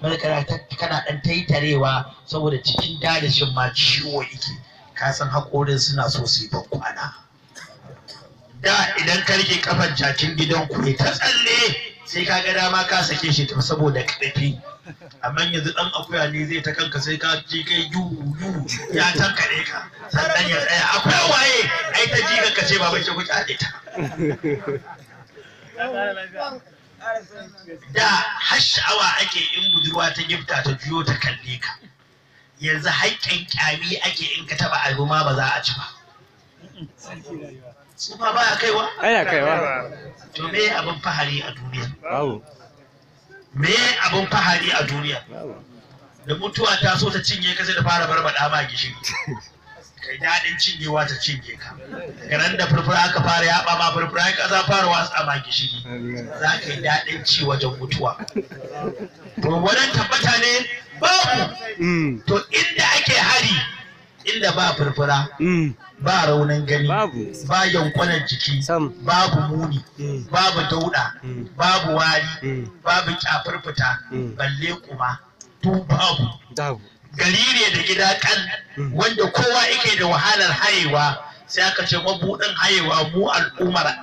wani kana ɗan taitarewa saboda cikin dadashin ma ciwo yake ka san haƙorin suna so su yi kwana da idan ka rike kafan jakin gidan ku ta tsalle sai ka ga dama ka sake shi saboda ƙarfi amma yanzu ɗan akuya ne zai ta kanka sai ka ji kai yu yu ya tankare ka sannan ya tsaya akwai waye ai ta ji ka ce ba bai ce ku ta da har sha'awa ake in budurwa ta gifta ta juyo ta kalle ka yanzu haƙƙin ƙyami ake in ka taɓa alhuma ba za a ci ba su ba ba kaiwa kaiwa to me abin fahari a duniya me abin fahari a duniya da mutuwa ta so ta cinye ka sai da fara barbaɗa ma gishiri kai daɗin cinyewa ta cinye ka garan da furfura aka fara yaɓa ma furfura ya ƙasa fara watsa ma gishiri za ka yi daɗin ci wajen mutuwa to wannan tabbata ne babu mm. to inda ake hari inda ba furfura mm. ba raunin gani ba yankunan jiki babu muni mm. babu dauɗa, babu wari babu kyafurfuta balle kuma duk babu gari ne da gida kan wanda kowa yake da wahalar hayewa sai aka ce mabuɗin hayewa mu al'ummar